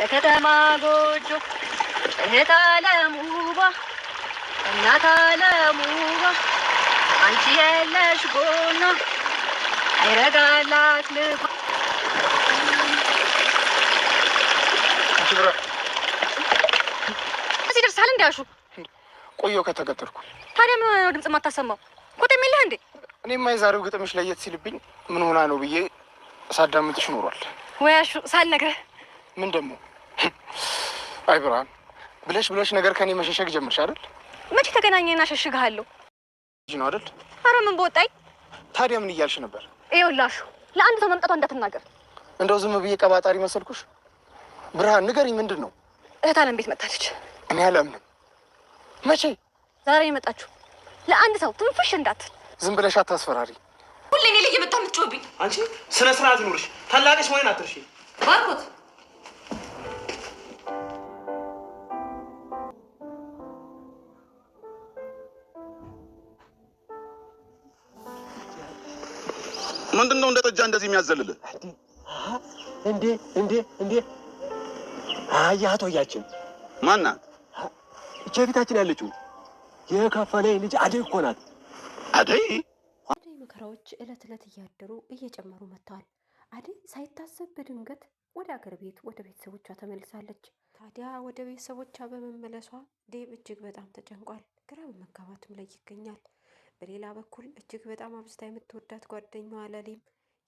የከተማ ጎጆ እህት አለሙ ውቧ እናት አለሙ ውቧ አንቺ የለሽ ጎኗ አይረጋላት ልቧ እዚህ ደርሳል እንዳሹ ቆየሁ ከተገተርኩ ታዲያ ምን ነው ድምፅ ማታሰማው ቁጥም የለህ እንዴ እኔማ የዛሬው ግጥምሽ ለየት ሲልብኝ ምን ሆና ነው ብዬ ሳዳምጥሽ ኖሯል ወያሹ ሳልነግረህ ምን ደግሞ? አይ ብርሃን ብለሽ ብለሽ ነገር ከኔ መሸሸግ ጀምርሽ አይደል? መቼ ተገናኘና ሸሽግሃለሁ ነው አይደል? አረ ምን በወጣኝ። ታዲያ ምን እያልሽ ነበር? ይኸውልሽ ለአንድ ሰው መምጣቷ እንዳትናገር። እንደው ዝም ብዬ ቀባጣሪ መሰልኩሽ? ብርሃን ንገሪኝ፣ ምንድን ነው እህት አለም ቤት መጣለች? እኔ አላምንም። መቼ? ዛሬ የመጣችሁ ለአንድ ሰው ትንፍሽ እንዳትል። ዝም ብለሽ አታስፈራሪ። ሁሌ እኔ ላይ እየመጣ የምትጮህብኝ አንቺ። ስነ ስርዓት ይኑርሽ። ታላቅሽ መሆኔን አትርሺ ባርኮት እርምጃ እንደዚህ የሚያዘልል እንዴ? እንዴ? እንዴ? አያ አቶ ማናት? ማና የፊታችን ያለችው የከፈለኝ ልጅ አደይ እኮ ናት። አደይ አደይ መከራዎች እለት እለት እያደሩ እየጨመሩ መጥተዋል። አደይ ሳይታሰብ በድንገት ወደ አገር ቤት ወደ ቤተሰቦቿ ተመልሳለች። ታዲያ ወደ ቤተሰቦቿ በመመለሷ ዴብ እጅግ በጣም ተጨንቋል። ግራ በመጋባትም ላይ ይገኛል። በሌላ በኩል እጅግ በጣም አብዝታ የምትወዳት ጓደኛዋ ለሊም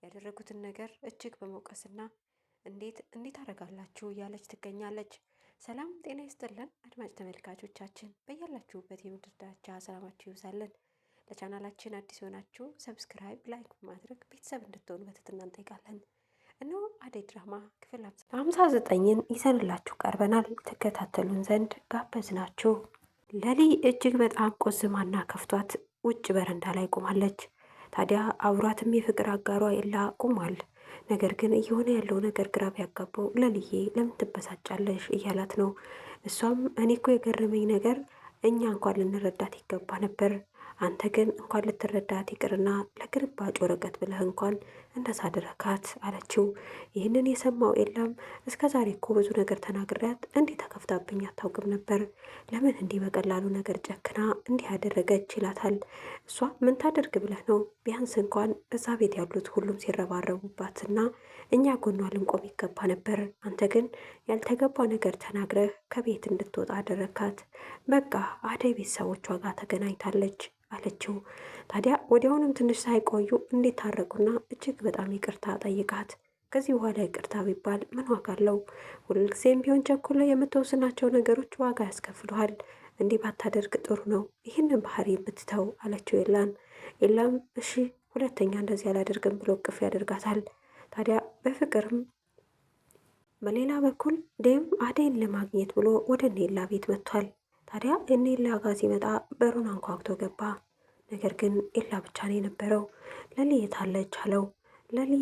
ያደረጉትን ነገር እጅግ በመውቀስና እንዴት እንዴት አደርጋላችሁ እያለች ትገኛለች። ሰላም ጤና ይስጥልን አድማጭ ተመልካቾቻችን በያላችሁበት የምድር ዳርቻ ሰላማችሁ ይብዛልን። ለቻናላችን አዲስ የሆናችሁ ሰብስክራይብ፣ ላይክ በማድረግ ቤተሰብ እንድትሆኑ በትህትና እንጠይቃለን። እነሆ አደይ ድራማ ክፍል ሀምሳ ዘጠኝን ይዘንላችሁ ቀርበናል። ተከታተሉን ዘንድ ጋበዝ ናችሁ። ለሊ እጅግ በጣም ቆዝማና ከፍቷት ውጭ በረንዳ ላይ ቆማለች። ታዲያ አብሯትም የፍቅር አጋሯ የላ ቁሟል። ነገር ግን እየሆነ ያለው ነገር ግራ ቢያጋባው ለልዬ ለምን ትበሳጫለሽ እያላት ነው። እሷም እኔ እኮ የገረመኝ ነገር እኛ እንኳን ልንረዳት ይገባ ነበር አንተ ግን እንኳን ልትረዳት ይቅርና ለግርባጭ ወረቀት ብለህ እንኳን እንደዛ አድረካት አለችው። ይህንን የሰማው ኤላም እስከ ዛሬ እኮ ብዙ ነገር ተናግሪያት እንዲህ ተከፍታብኝ አታውቅም ነበር። ለምን እንዲህ በቀላሉ ነገር ጨክና እንዲህ ያደረገች ይላታል። እሷ ምን ታደርግ ብለህ ነው? ቢያንስ እንኳን እዛ ቤት ያሉት ሁሉም ሲረባረቡባትና እኛ ጎኗ ልንቆም ይገባ ነበር። አንተ ግን ያልተገባ ነገር ተናግረህ ከቤት እንድትወጣ አደረካት። በቃ አደይ ቤተሰቦቿ ጋር ተገናኝታለች አለችው። ታዲያ ወዲያውኑም ትንሽ ሳይቆዩ እንዴት ታረቁና እጅግ በጣም ይቅርታ ጠይቃት። ከዚህ በኋላ ይቅርታ ቢባል ምን ዋጋ አለው? ሁልጊዜም ቢሆን ቸኩለ የምትወስናቸው ነገሮች ዋጋ ያስከፍሉሃል። እንዲህ ባታደርግ ጥሩ ነው፣ ይህንን ባህሪ ብትተው አለችው ኤላን። ኤላም እሺ ሁለተኛ እንደዚህ አላደርግም ብሎ ቅፍ ያደርጋታል። ታዲያ በፍቅርም በሌላ በኩል ዴም አዴን ለማግኘት ብሎ ወደ ኔላ ቤት መጥቷል። ታዲያ ኔላ ጋር ሲመጣ በሩን አንኳኩቶ ገባ። ነገር ግን ኤላ ብቻ ነው የነበረው። ለልየታለች አለው። ለሊ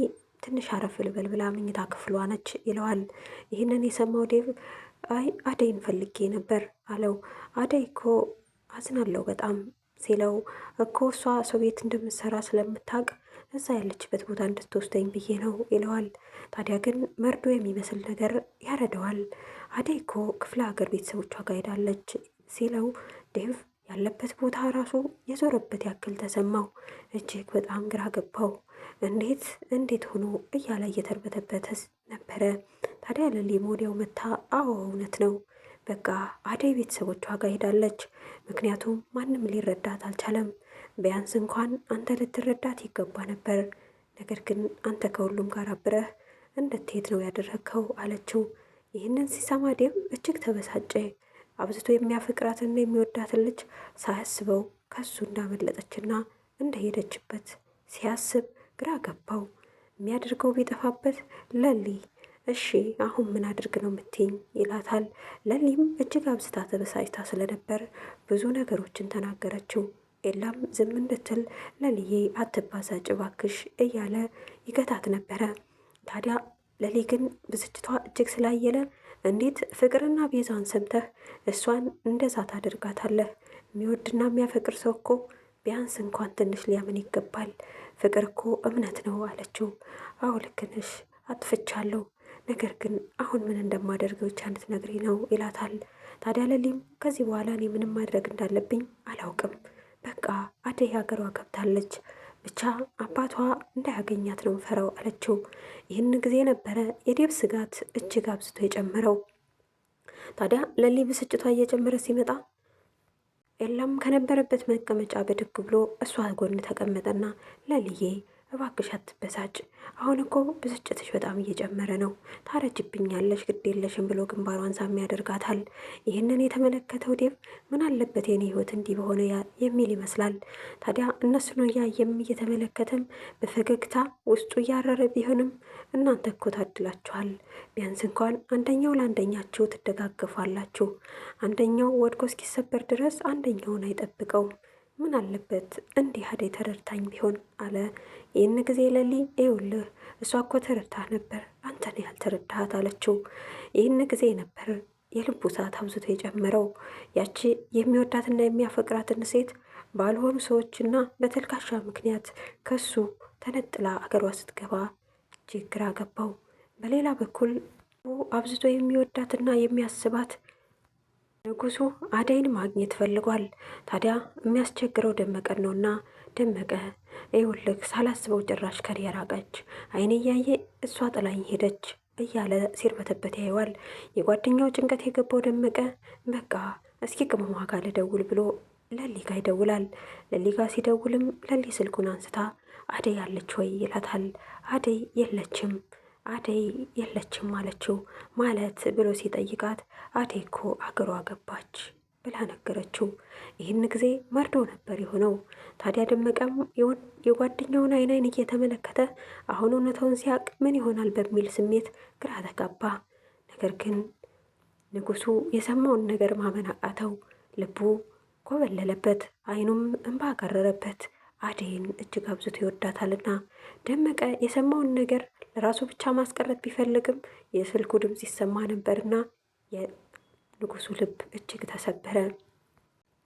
ትንሽ አረፍ ልበል ብላ መኝታ ክፍሏ ነች ይለዋል። ይህንን የሰማው ዴቭ አይ አደይን ፈልጌ ነበር አለው። አደይ እኮ አዝናለው በጣም ሲለው እኮ እሷ ሰው ቤት እንደምትሰራ ስለምታውቅ እዛ ያለችበት ቦታ እንድትወስደኝ ብዬ ነው ይለዋል። ታዲያ ግን መርዶ የሚመስል ነገር ያረደዋል። አደይ እኮ ክፍለ ሀገር ቤተሰቦቿ ጋር ሄዳለች ሲለው ዴቭ ያለበት ቦታ ራሱ የዞረበት ያክል ተሰማው። እጅግ በጣም ግራ ገባው። እንዴት እንዴት ሆኖ እያለ እየተርበተበተ ነበረ። ታዲያ ለሊም ወዲያው መታ፣ አዎ እውነት ነው በቃ አደይ ቤተሰቦቿ ጋር ሄዳለች። ምክንያቱም ማንም ሊረዳት አልቻለም። ቢያንስ እንኳን አንተ ልትረዳት ይገባ ነበር። ነገር ግን አንተ ከሁሉም ጋር አብረህ እንድትሄድ ነው ያደረግከው አለችው። ይህንን ሲሰማ ዴም እጅግ ተበሳጨ። አብዝቶ የሚያፈቅራትና የሚወዳትን ልጅ ሳያስበው ከሱ እንዳመለጠችና እንደሄደችበት ሲያስብ ግራ ገባው። የሚያደርገው ቢጠፋበት ለሊ እሺ አሁን ምን አድርግ ነው የምትይኝ? ይላታል። ለሊም እጅግ አብዝታ ተበሳጭታ ስለነበር ብዙ ነገሮችን ተናገረችው። ኤላም ዝም እንድትል ለልዬ አትባዛጭ ጭባክሽ እያለ ይገታት ነበረ። ታዲያ ለሊ ግን ብስጭቷ እጅግ ስላየለ እንዴት ፍቅርና ቤዛን ሰምተህ እሷን እንደዛ ታደርጋታለህ? የሚወድና የሚያፈቅር ሰው እኮ ቢያንስ እንኳን ትንሽ ሊያምን ይገባል። ፍቅር እኮ እምነት ነው አለችው። አዎ ልክ ነሽ፣ አጥፍቻለሁ። ነገር ግን አሁን ምን እንደማደርግ ብቻ እንድትነግሪኝ ነው ይላታል። ታዲያ ለሊም ከዚህ በኋላ እኔ ምንም ማድረግ እንዳለብኝ አላውቅም፣ በቃ አደይ ሀገሯ ገብታለች ብቻ አባቷ እንዳያገኛት ነው ፈራው አለችው። ይህን ጊዜ ነበረ የዴብ ስጋት እጅግ አብዝቶ የጨመረው። ታዲያ ለሊ ብስጭቷ እየጨመረ ሲመጣ ኤላም ከነበረበት መቀመጫ ብድግ ብሎ እሷ ጎን ተቀመጠና ለልዬ እባክሽ አትበሳጭ። አሁን እኮ ብስጭትሽ በጣም እየጨመረ ነው። ታረጅብኛለሽ፣ ግድ የለሽም ብሎ ግንባሯን ሳም ያደርጋታል። ይህንን የተመለከተው ዴቭ ምን አለበት የኔ ህይወት እንዲህ በሆነ የሚል ይመስላል። ታዲያ እነሱን እያየም እየተመለከተም በፈገግታ ውስጡ እያረረ ቢሆንም እናንተ እኮ ታድላችኋል። ቢያንስ እንኳን አንደኛው ለአንደኛችሁ ትደጋገፋላችሁ። አንደኛው ወድቆ እስኪሰበር ድረስ አንደኛውን አይጠብቀውም። ምን አለበት እንዲህ አደይ ተረድታኝ ቢሆን አለ። ይህን ጊዜ ለሊ ይውልህ እሷ እኮ ተረዳ ነበር፣ አንተን ያልተረዳሃት አለችው። ይህን ጊዜ ነበር የልቡ ሰዓት አብዝቶ የጨመረው። ያቺ የሚወዳትና የሚያፈቅራትን ሴት ባልሆኑ ሰዎችና በተልካሻ ምክንያት ከሱ ተነጥላ አገሯ ስትገባ ችግር አገባው! በሌላ በኩል አብዝቶ የሚወዳትና የሚያስባት ንጉሱ አደይን ማግኘት ፈልጓል። ታዲያ የሚያስቸግረው ደመቀን ነውና ደመቀ ይውልክ ሳላስበው ጭራሽ ከኔ ራቀች፣ አይኔ እያየ እሷ ጥላኝ ሄደች እያለ ሲርበተበት ያየዋል። የጓደኛው ጭንቀት የገባው ደመቀ በቃ እስኪ ቅመሟ ጋር ልደውል ብሎ ለሊጋ ይደውላል። ለሊጋ ሲደውልም ለሊ ስልኩን አንስታ አደይ አለች ወይ ይላታል። አደይ የለችም አደይ የለችም አለችው። ማለት ብሎ ሲጠይቃት አደይ እኮ አገሯ ገባች ብላ ነገረችው። ይህን ጊዜ መርዶ ነበር የሆነው። ታዲያ ደመቀም የጓደኛውን አይን አይን እየተመለከተ አሁን እውነታውን ሲያውቅ ምን ይሆናል በሚል ስሜት ግራ ተጋባ። ነገር ግን ንጉሱ የሰማውን ነገር ማመን አቃተው። ልቡ ኮበለለበት፣ አይኑም እንባ ቀረረበት። አደይን እጅግ አብዝቶ ይወዳታልና ደመቀ የሰማውን ነገር ለራሱ ብቻ ማስቀረት ቢፈልግም የስልኩ ድምፅ ይሰማ ነበርና የንጉሱ ልብ እጅግ ተሰበረ።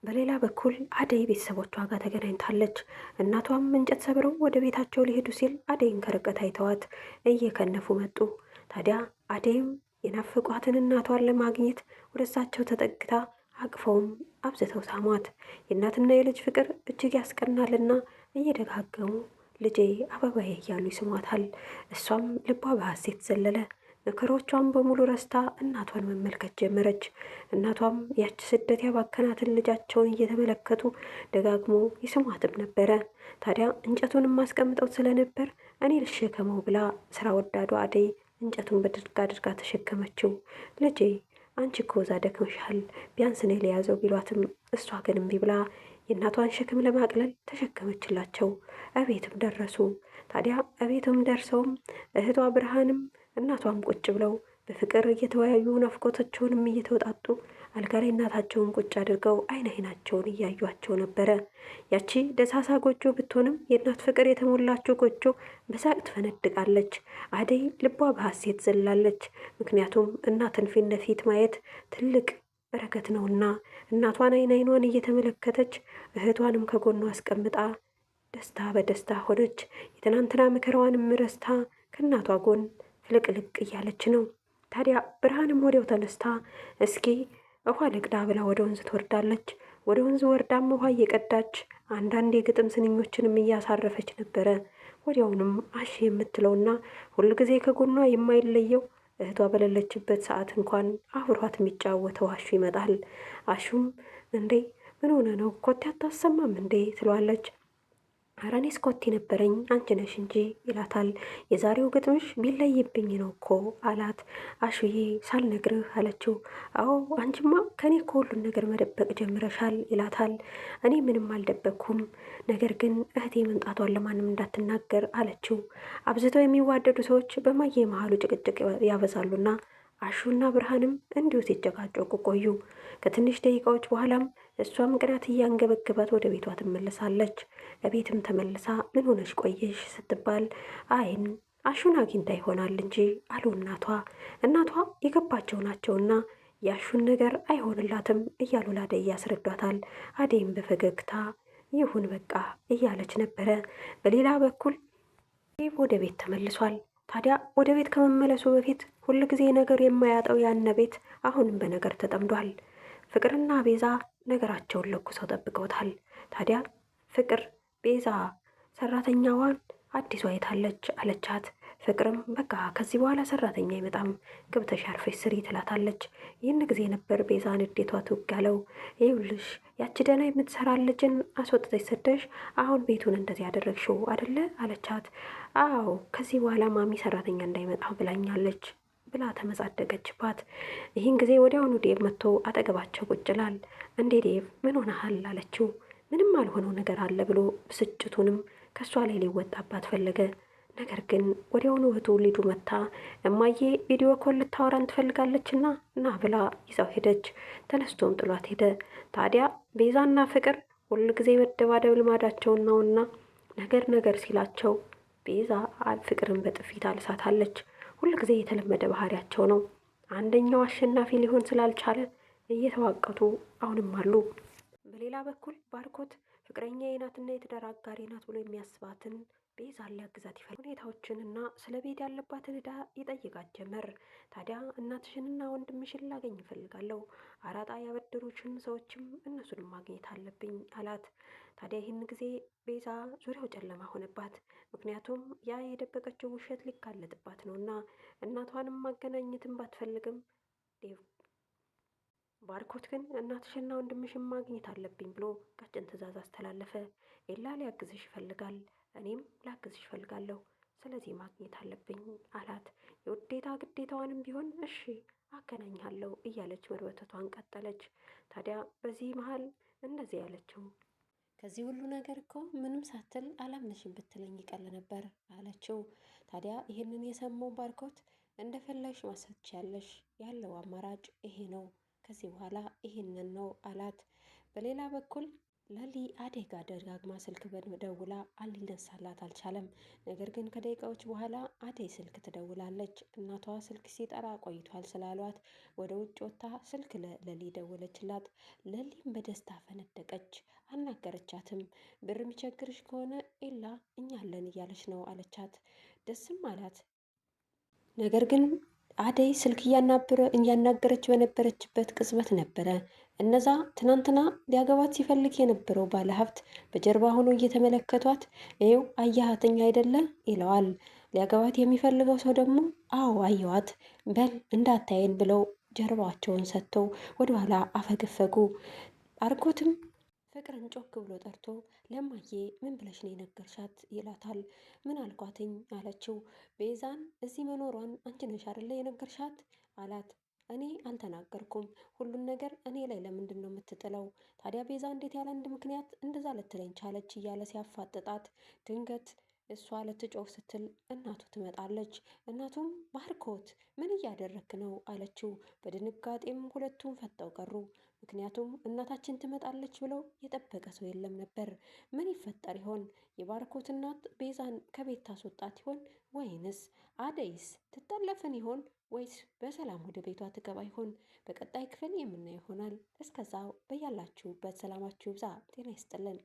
በሌላ በኩል አደይ ቤተሰቦቿ ጋር ተገናኝታለች። እናቷም እንጨት ሰብረው ወደ ቤታቸው ሊሄዱ ሲል አደይን ከርቀት አይተዋት እየከነፉ መጡ። ታዲያ አደይም የናፍቋትን እናቷን ለማግኘት ወደሳቸው ተጠግታ አቅፈውም አብዝተው ሳሟት። የእናትና የልጅ ፍቅር እጅግ ያስቀናልና እየደጋገሙ ልጄ አበባዬ እያሉ ይስሟታል። እሷም ልቧ በሐሴት ዘለለ። መከሮቿን በሙሉ ረስታ እናቷን መመልከት ጀመረች። እናቷም ያች ስደት ያባከናትን ልጃቸውን እየተመለከቱ ደጋግሞ ይስሟትም ነበረ። ታዲያ እንጨቱንም የማስቀምጠው ስለነበር እኔ ልሸከመው ብላ ስራ ወዳዷ አደይ እንጨቱን በድርግ አድርጋ ተሸከመችው። ልጄ አንቺ ኮዛ ደክመሻል፣ ቢያንስ እኔ ሊያዘው ቢሏትም እሷ ግን እምቢ ብላ የእናቷን ሸክም ለማቅለል ተሸከመችላቸው። እቤትም ደረሱ። ታዲያ እቤትም ደርሰውም እህቷ ብርሃንም እናቷም ቁጭ ብለው በፍቅር እየተወያዩ ናፍቆታቸውንም እየተወጣጡ አልጋ ላይ እናታቸውን ቁጭ አድርገው አይን አይናቸውን እያዩቸው ነበረ። ያቺ ደሳሳ ጎጆ ብትሆንም የእናት ፍቅር የተሞላችው ጎጆ በሳቅ ትፈነድቃለች። አደይ ልቧ በሐሴት ዘላለች። ምክንያቱም እናትን ፊት ለፊት ማየት ትልቅ በረከት ነውና እናቷን አይን አይኗን እየተመለከተች እህቷንም ከጎኗ አስቀምጣ ደስታ በደስታ ሆነች። የትናንትና መከራዋንም ረስታ ከእናቷ ጎን ፍልቅልቅ እያለች ነው። ታዲያ ብርሃንም ወዲያው ተነስታ እስኪ ውሃ ልቅዳ ብላ ወደ ወንዝ ትወርዳለች። ወደ ወንዝ ወርዳም ውሃ እየቀዳች አንዳንድ የግጥም ስንኞችንም እያሳረፈች ነበረ። ወዲያውንም አሽ የምትለውና ሁልጊዜ ከጎኗ የማይለየው እህቷ በሌለችበት ሰዓት እንኳን አብሯት የሚጫወተው አሹ ይመጣል። አሹም እንዴ ምን ሆነ ነው ኮቴ አታሰማም እንዴ ትሏለች አረኔ ስኮት የነበረኝ አንቺ ነሽ እንጂ ይላታል። የዛሬው ግጥምሽ ቢለይብኝ ነው እኮ አላት። አሹዬ ሳልነግርህ አለችው። አዎ አንቺማ ከኔ ከሁሉን ነገር መደበቅ ጀምረሻል ይላታል። እኔ ምንም አልደበቅኩም፣ ነገር ግን እህቴ መምጣቷን ለማንም እንዳትናገር አለችው። አብዝተው የሚዋደዱ ሰዎች በማየ መሀሉ ጭቅጭቅ ያበዛሉና አሹና ብርሃንም እንዲሁ ሲጨቃጨቁ ቆዩ። ከትንሽ ደቂቃዎች በኋላም እሷም ቅናት እያንገበገባት ወደ ቤቷ ትመለሳለች። ቤትም ተመልሳ ምን ሆነሽ ቆየሽ ስትባል አይን አሹን አግኝታ ይሆናል እንጂ አሉ እናቷ። እናቷ የገባቸው ናቸውና የአሹን ነገር አይሆንላትም እያሉ ላደይ ያስረዷታል። አደይም በፈገግታ ይሁን በቃ እያለች ነበረ። በሌላ በኩል ዴቭ ወደ ቤት ተመልሷል። ታዲያ ወደ ቤት ከመመለሱ በፊት ሁልጊዜ ነገር የማያጠው ያነ ቤት አሁንም በነገር ተጠምዷል። ፍቅርና ቤዛ ነገራቸውን ለኩሰው ጠብቀውታል። ታዲያ ፍቅር ቤዛ ሰራተኛዋን አዲሷ የታለች አለቻት። ፍቅርም በቃ ከዚህ በኋላ ሰራተኛ አይመጣም፣ ገብተሽ አርፈሽ ስሪ ትላታለች። ይህን ጊዜ ነበር ቤዛ ንዴቷ ትውግ ያለው። ይኸውልሽ ያቺ ደህና የምትሰራ ልጅን አስወጥተሽ ሰደሽ አሁን ቤቱን እንደዚህ ያደረግሽው አደለ አለቻት። አዎ ከዚህ በኋላ ማሚ ሰራተኛ እንዳይመጣ ብላኛለች ብላ ተመጻደቀችባት። ይህን ጊዜ ወዲያውኑ ዴቭ መጥቶ አጠገባቸው ቁጭ ይላል። እንዴ ዴቭ ምን ሆነሃል? አለችው። ምንም አልሆነው ነገር አለ ብሎ ብስጭቱንም ከእሷ ላይ ሊወጣባት ፈለገ። ነገር ግን ወዲያውኑ እህቱ ሊዱ መታ እማዬ ቪዲዮ ኮል ልታወራን ትፈልጋለችና እና ብላ ይዛው ሄደች። ተነስቶም ጥሏት ሄደ። ታዲያ ቤዛና ፍቅር ሁል ጊዜ መደባደብ ልማዳቸውን ነውና ነገር ነገር ሲላቸው ቤዛ ፍቅርን በጥፊት አልሳታለች። ሁልጊዜ የተለመደ ባህሪያቸው ነው። አንደኛው አሸናፊ ሊሆን ስላልቻለ እየተዋቀቱ አሁንም አሉ። በሌላ በኩል ባርኮት ፍቅረኛ የናትና የትዳር ናት ብሎ የሚያስባትን ቤዛን ሊያግዛት ሁኔታዎችን እና ስለ ቤት ያለባትን ዕዳ ይጠይቃት ጀመር። ታዲያ እናትሽንና ወንድምሽን ላገኝ ይፈልጋለሁ፣ አራጣ ያበደሩችን ሰዎችም እነሱን ማግኘት አለብኝ አላት። ታዲያ ይህን ጊዜ ቤዛ ዙሪያው ጨለማ ሆነባት። ምክንያቱም ያ የደበቀችው ውሸት ሊጋለጥባት ነውና እናቷንም ማገናኘትን ባትፈልግም ባርኮት ግን እናትሽና ወንድምሽን ማግኘት አለብኝ ብሎ ቀጭን ትዕዛዝ አስተላለፈ። ኤላ ሊያግዝሽ ይፈልጋል እኔም ላግዝሽ እፈልጋለሁ፣ ስለዚህ ማግኘት አለብኝ አላት። የውዴታ ግዴታዋንም ቢሆን እሺ አገናኛለሁ እያለች መርበተቷን ቀጠለች። ታዲያ በዚህ መሀል እንደዚህ ያለችው ከዚህ ሁሉ ነገር እኮ ምንም ሳትል አላምነሽም ብትለኝ ይቀል ነበር አለችው። ታዲያ ይህንን የሰማው ባርኮት እንደፈለሽ ማሰች ያለሽ ያለው አማራጭ ይሄ ነው፣ ከዚህ በኋላ ይህንን ነው አላት። በሌላ በኩል ለሊ አደይ ጋር ደጋግማ ስልክ ደውላ ሊነሳላት አልቻለም። ነገር ግን ከደቂቃዎች በኋላ አደይ ስልክ ትደውላለች። እናቷ ስልክ ሲጠራ ቆይቷል ስላሏት ወደ ውጭ ወጥታ ስልክ ለሊ ደወለችላት። ለሊም በደስታ ፈነደቀች። አናገረቻትም። ብር የሚቸግርሽ ከሆነ ኤላ እኛለን እያለች ነው አለቻት። ደስም አላት። ነገር ግን አደይ ስልክ እያናበረ እያናገረች በነበረችበት ቅጽበት ነበረ እነዛ ትናንትና ሊያገባት ሲፈልግ የነበረው ባለሀብት በጀርባ ሆኖ እየተመለከቷት ይኸው አያሃተኛ አይደለ ይለዋል። ሊያገባት የሚፈልገው ሰው ደግሞ አዎ አየዋት፣ በል እንዳታየን ብለው ጀርባቸውን ሰጥተው ወደኋላ አፈገፈጉ። አርጎትም ፍቅርን ጮክ ብሎ ጠርቶ ለማዬ ምን ብለሽ ነው የነገርሻት? ይላታል። ምን አልኳትኝ አለችው። ቤዛን እዚህ መኖሯን አንቺ ነሽ አይደለ የነገርሻት አላት። እኔ አልተናገርኩም። ሁሉን ነገር እኔ ላይ ለምንድን ነው የምትጥለው? ታዲያ ቤዛ እንዴት ያለ አንድ ምክንያት እንደዛ ልትለኝ ቻለች? እያለ ሲያፋጥጣት ድንገት እሷ ልትጮህ ስትል እናቱ ትመጣለች። እናቱም ባርኮት ምን እያደረክ ነው አለችው። በድንጋጤም ሁለቱም ፈጠው ቀሩ። ምክንያቱም እናታችን ትመጣለች ብለው የጠበቀ ሰው የለም ነበር። ምን ይፈጠር ይሆን? የባርኮት እናት ቤዛን ከቤት ታስወጣት ይሆን? ወይንስ አደይስ ትጠለፍን ይሆን? ወይስ በሰላም ወደ ቤቷ ትገባ ይሆን? በቀጣይ ክፍል የምናየው ይሆናል። እስከዛው በያላችሁበት ሰላማችሁ ብዛ ጤና ይስጥልን።